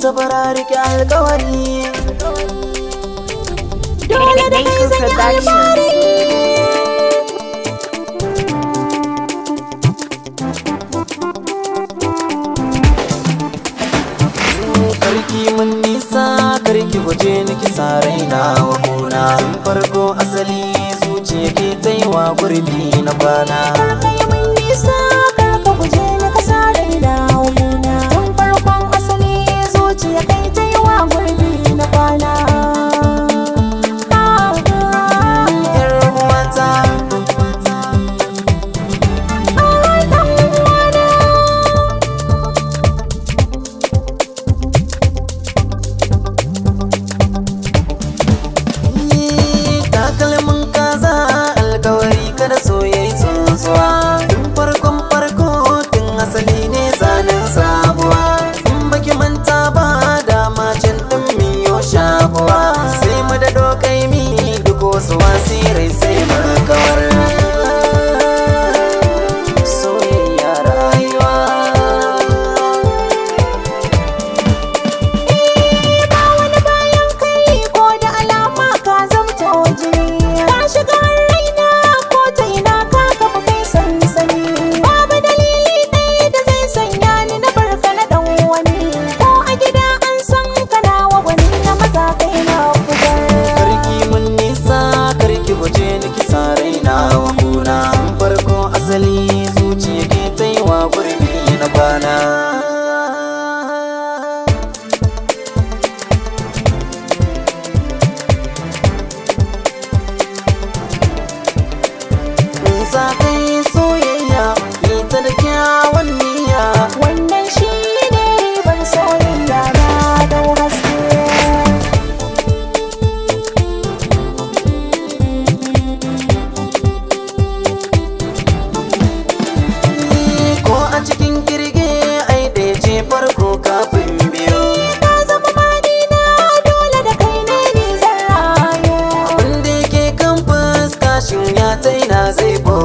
tabara rike alkawari dole da kai zan yi alfahari karki mun nisa karki guje ni kisa raina wa kona farko asali zuciya ke taiwa gurbi na bana karki mun nisa gurbi na kwana Sa zebo